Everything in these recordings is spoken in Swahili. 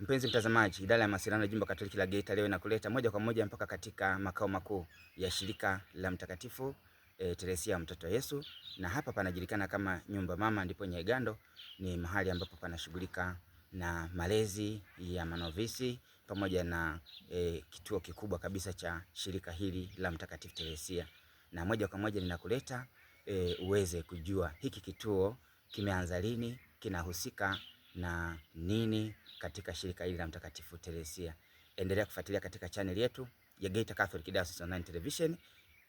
Mpenzi mtazamaji, idara ya mawasiliano ya jimbo Katoliki la Geita leo inakuleta moja kwa moja mpaka katika makao makuu ya shirika la Mtakatifu e, Teresia mtoto Yesu, na hapa panajulikana kama nyumba mama, ndipo Nyaigando. Ni mahali ambapo panashughulika na malezi ya manovisi pamoja na e, kituo kikubwa kabisa cha shirika hili la Mtakatifu Teresia, na moja kwa moja ninakuleta e, uweze kujua hiki kituo kimeanza lini, kinahusika na nini katika shirika hili la Mtakatifu Teresia. Endelea kufuatilia katika channel yetu ya Geita Catholic Diocese Online Television.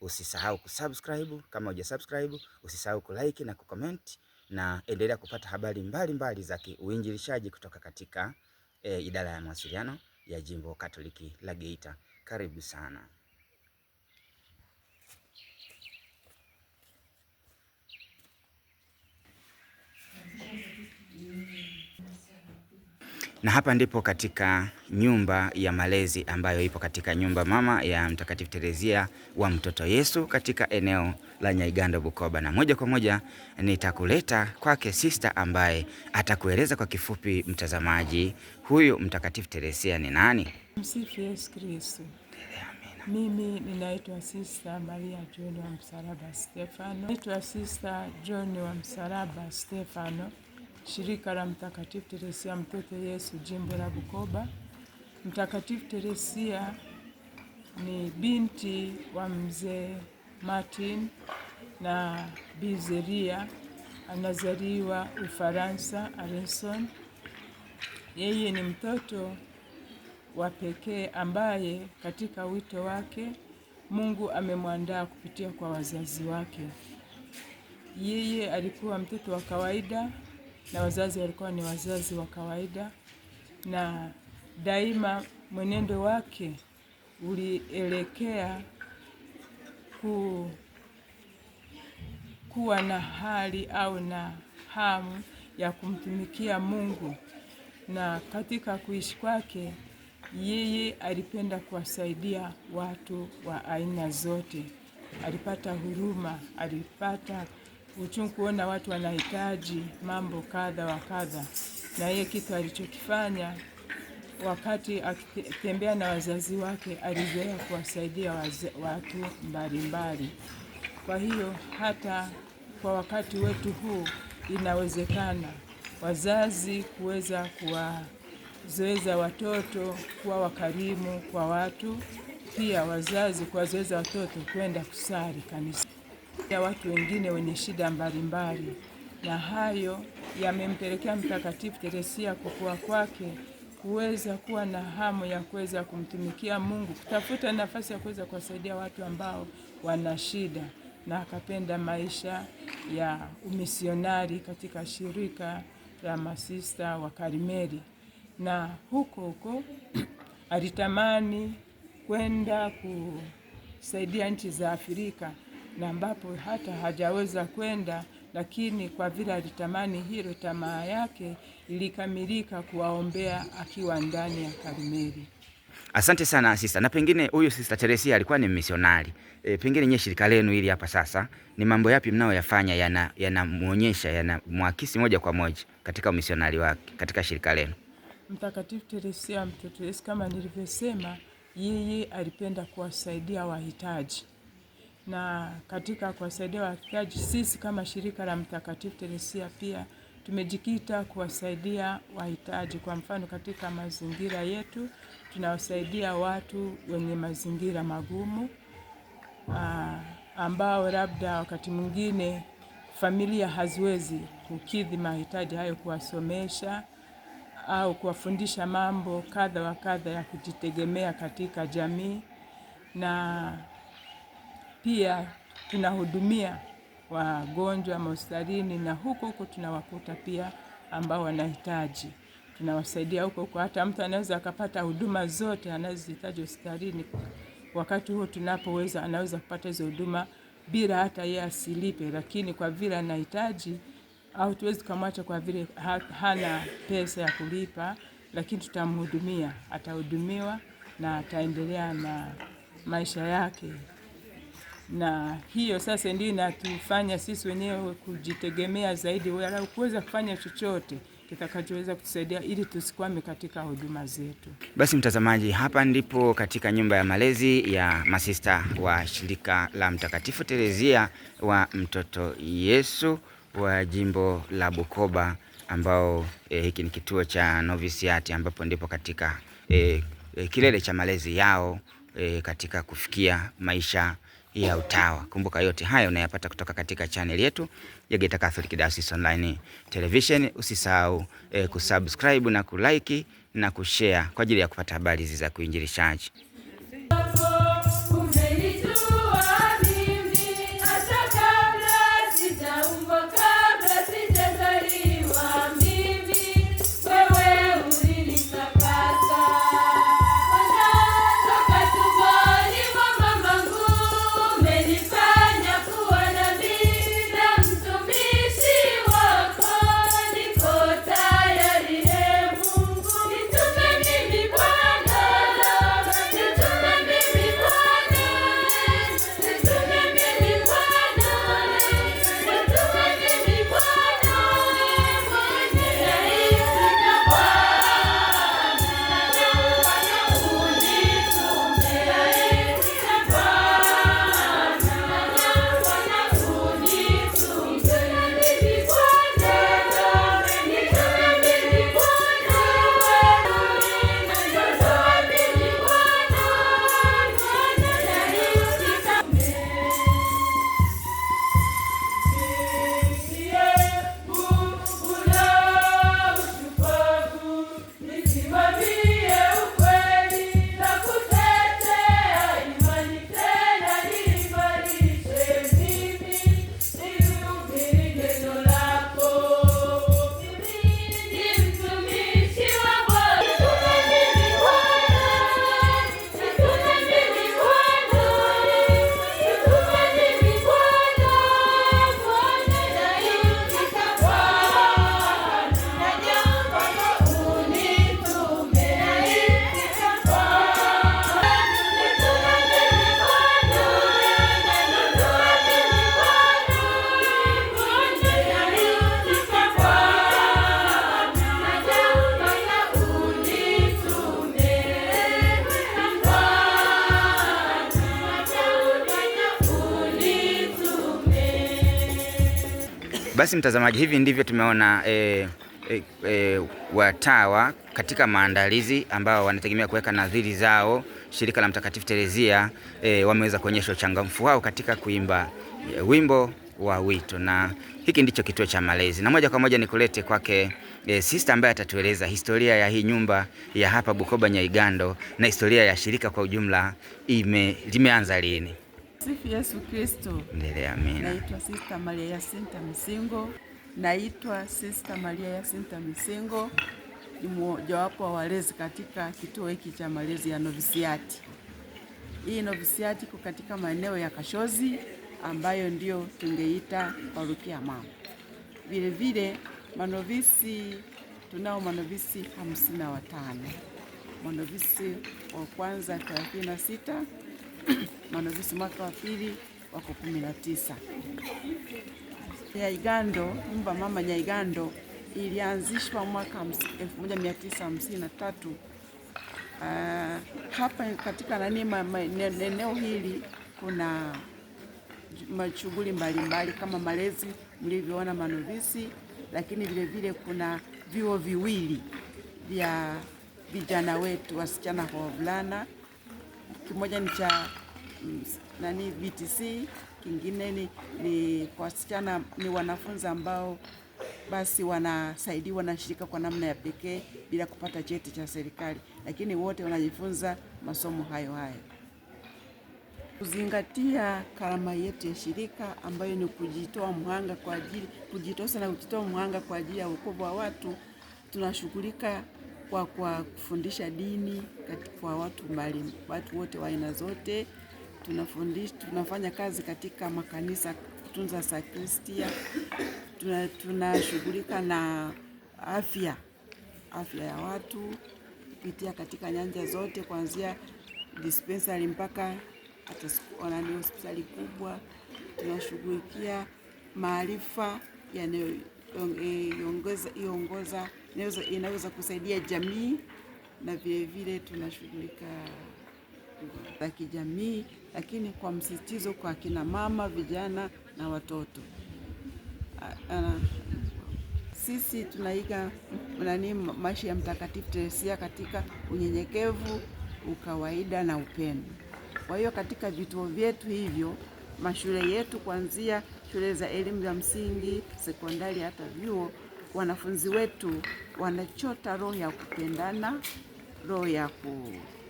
Usisahau kusubscribe kama hujasubscribe, usisahau kulike na kucomment, na endelea kupata habari mbalimbali mbali za kiuinjilishaji kutoka katika e, idara ya mawasiliano ya Jimbo Katoliki la Geita. Karibu sana. Na hapa ndipo katika nyumba ya malezi ambayo ipo katika nyumba mama ya Mtakatifu Terezia wa Mtoto Yesu katika eneo la Nyaigando Bukoba, na moja kwa moja nitakuleta kwake sista ambaye atakueleza kwa kifupi, mtazamaji, huyu Mtakatifu Terezia ni nani? Msifu Yesu Kristo. Ee, Mimi ninaitwa Sista Maria John wa Msalaba Stefano. Naitwa Sista John wa Msalaba Stefano. Shirika la Mtakatifu Teresia Mtoto Yesu, Jimbo la Bukoba. Mtakatifu Teresia ni binti wa mzee Martin na Bizeria, anazaliwa Ufaransa, Alençon. Yeye ni mtoto wa pekee ambaye katika wito wake Mungu amemwandaa kupitia kwa wazazi wake. Yeye alikuwa mtoto wa kawaida na wazazi walikuwa ni wazazi wa kawaida, na daima mwenendo wake ulielekea ku, kuwa na hali au na hamu ya kumtumikia Mungu, na katika kuishi kwake yeye alipenda kuwasaidia watu wa aina zote. Alipata huruma, alipata uchungu kuona watu wanahitaji mambo kadha wa kadha, na yeye kitu alichokifanya wakati akitembea na wazazi wake alizoea kuwasaidia watu mbalimbali mbali. Kwa hiyo hata kwa wakati wetu huu inawezekana wazazi kuweza kuwazoeza watoto kuwa wakarimu kwa watu, pia wazazi kuwazoeza watoto kwenda kusali kanisa ya watu wengine wenye shida mbalimbali, na hayo yamempelekea Mtakatifu Teresia kukua kwake kuweza kuwa na hamu ya kuweza kumtumikia Mungu, kutafuta nafasi ya kuweza kuwasaidia watu ambao wana shida, na akapenda maisha ya umisionari katika shirika la masista wa Karmeli, na huko huko alitamani kwenda kusaidia nchi za Afrika na ambapo hata hajaweza kwenda, lakini kwa vile alitamani hilo, tamaa yake ilikamilika kuwaombea akiwa ndani ya Karmeli. Asante sana sista. Na pengine huyu Sista Teresia alikuwa ni misionari e, pengine nyie shirika lenu hili hapa sasa, ni mambo yapi mnayoyafanya yanamwonyesha yana yanamwakisi moja kwa moja katika umisionari wake katika shirika lenu? Mtakatifu Teresia mtoto Yesu, kama nilivyosema, yeye alipenda kuwasaidia wahitaji na katika kuwasaidia wahitaji sisi kama shirika la Mtakatifu Teresia pia tumejikita kuwasaidia wahitaji. Kwa mfano, katika mazingira yetu tunawasaidia watu wenye mazingira magumu aa, ah, ambao labda wakati mwingine familia haziwezi kukidhi mahitaji hayo, kuwasomesha au kuwafundisha mambo kadha wa kadha ya kujitegemea katika jamii na pia tunahudumia wagonjwa mahospitalini na huko huko tunawakuta pia ambao wanahitaji, tunawasaidia huko huko. Hata mtu anaweza akapata huduma zote anazohitaji hospitalini, wakati huo tunapoweza, anaweza kupata hizo huduma bila hata yeye asilipe, lakini kwa vile anahitaji au tuwezi tukamwacha kwa vile hana pesa ya kulipa, lakini tutamhudumia, atahudumiwa na ataendelea na maisha yake na hiyo sasa ndio inatufanya sisi wenyewe kujitegemea zaidi, wala kuweza kufanya chochote kitakachoweza kutusaidia ili tusikwame katika huduma zetu. Basi mtazamaji, hapa ndipo katika nyumba ya malezi ya masista wa shirika la Mtakatifu Terezia wa Mtoto Yesu wa jimbo la Bukoba, ambao eh, hiki ni kituo cha novisiati ambapo ndipo katika eh, eh, kilele cha malezi yao eh, katika kufikia maisha ya utawa. Kumbuka yote hayo unayapata kutoka katika channel yetu ya Geita Catholic Diocese Online Television. Usisahau eh, kusubscribe na kulike na kushare kwa ajili ya kupata habari hizi za kuinjilishaji. Basi mtazamaji, hivi ndivyo tumeona e, e, e, watawa katika maandalizi ambao wanategemea kuweka nadhiri zao shirika la Mtakatifu Terezia e, wameweza kuonyesha uchangamfu wao katika kuimba e, wimbo wa wito, na hiki ndicho kituo cha malezi, na moja kwa moja nikulete kwake e, sister ambaye atatueleza historia ya hii nyumba ya hapa Bukoba Nyaigando na historia ya shirika kwa ujumla ime limeanza lini. Sifu Yesu Kristo. Milele amina. Naitwa Sister Maria Yasinta Misingo. Naitwa Sister Maria Yasinta Misingo, ni mmojawapo wa walezi katika kituo hiki cha malezi ya novisiati. Hii novisiati iko katika maeneo ya Kashozi ambayo ndio tungeita parokia mama. Vile vile manovisi tunao manovisi hamsini na watano manovisi wa kwanza thelathini na sita manovisi mwaka wa pili wako kumi na tisa. Nyaigando, nyumba mama Nyaigando ilianzishwa mwaka 1953 uh, ah, hapa katika nani eneo hili kuna mashughuli mbalimbali kama malezi mlivyoona manovisi, lakini vilevile kuna vyuo viwili vya vijana wetu wasichana kwa wavulana kimoja ni cha mm, nani VTC, kingine ni, ni kwa wasichana ni wanafunzi ambao basi wanasaidiwa na shirika kwa namna ya pekee bila kupata cheti cha serikali, lakini wote wanajifunza masomo hayo hayo. Kuzingatia karama yetu ya shirika ambayo ni kujitoa mhanga kwa ajili kujitosa na kujitoa mhanga kwa ajili ya wokovu wa watu tunashughulika kwa, kwa kufundisha dini kwa watu mbali, watu wote wa aina zote. Tunafundisha, tunafanya kazi katika makanisa kutunza sakristia, tunashughulika tuna na afya afya ya watu kupitia katika nyanja zote kuanzia dispensari mpaka hata hospitali kubwa. Tunashughulikia maarifa yanayo Um, iongoza inaweza kusaidia jamii na vilevile tunashughulika za kijamii, lakini kwa msisitizo kwa kina mama, vijana na watoto. Sisi tunaiga nani maisha ya Mtakatifu Teresia katika unyenyekevu, ukawaida na upendo. Kwa hiyo katika vituo vyetu hivyo mashule yetu kuanzia shule za elimu ya msingi, sekondari, hata vyuo, wanafunzi wetu wanachota roho ya kupendana, roho ya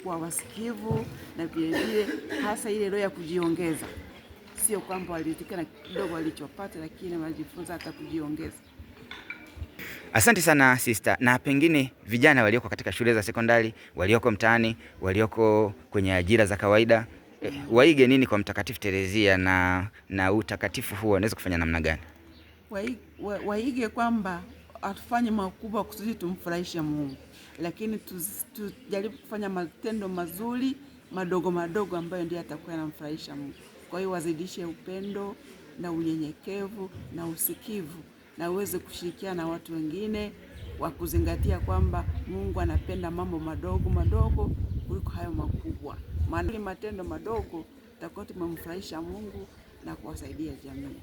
kuwa wasikivu na vilevile hasa ile roho ya kujiongeza. Sio kwamba walitika na kidogo walichopata, lakini wanajifunza hata kujiongeza. Asante sana sister, na pengine vijana walioko katika shule za sekondari, walioko mtaani, walioko kwenye ajira za kawaida Eh, waige nini kwa Mtakatifu Terezia na, na utakatifu huo unaweza kufanya namna gani? Waige, wa, waige kwamba atufanye makubwa kusudi tumfurahishe Mungu, lakini tujaribu kufanya matendo mazuri madogo madogo ambayo ndiyo atakuwa anamfurahisha Mungu. Kwa hiyo wazidishe upendo na unyenyekevu na usikivu na uweze kushirikiana na watu wengine wa kuzingatia kwamba Mungu anapenda mambo madogo madogo kuliko hayo makubwa maana matendo madogo takuwa tumemfurahisha Mungu na kuwasaidia jamii.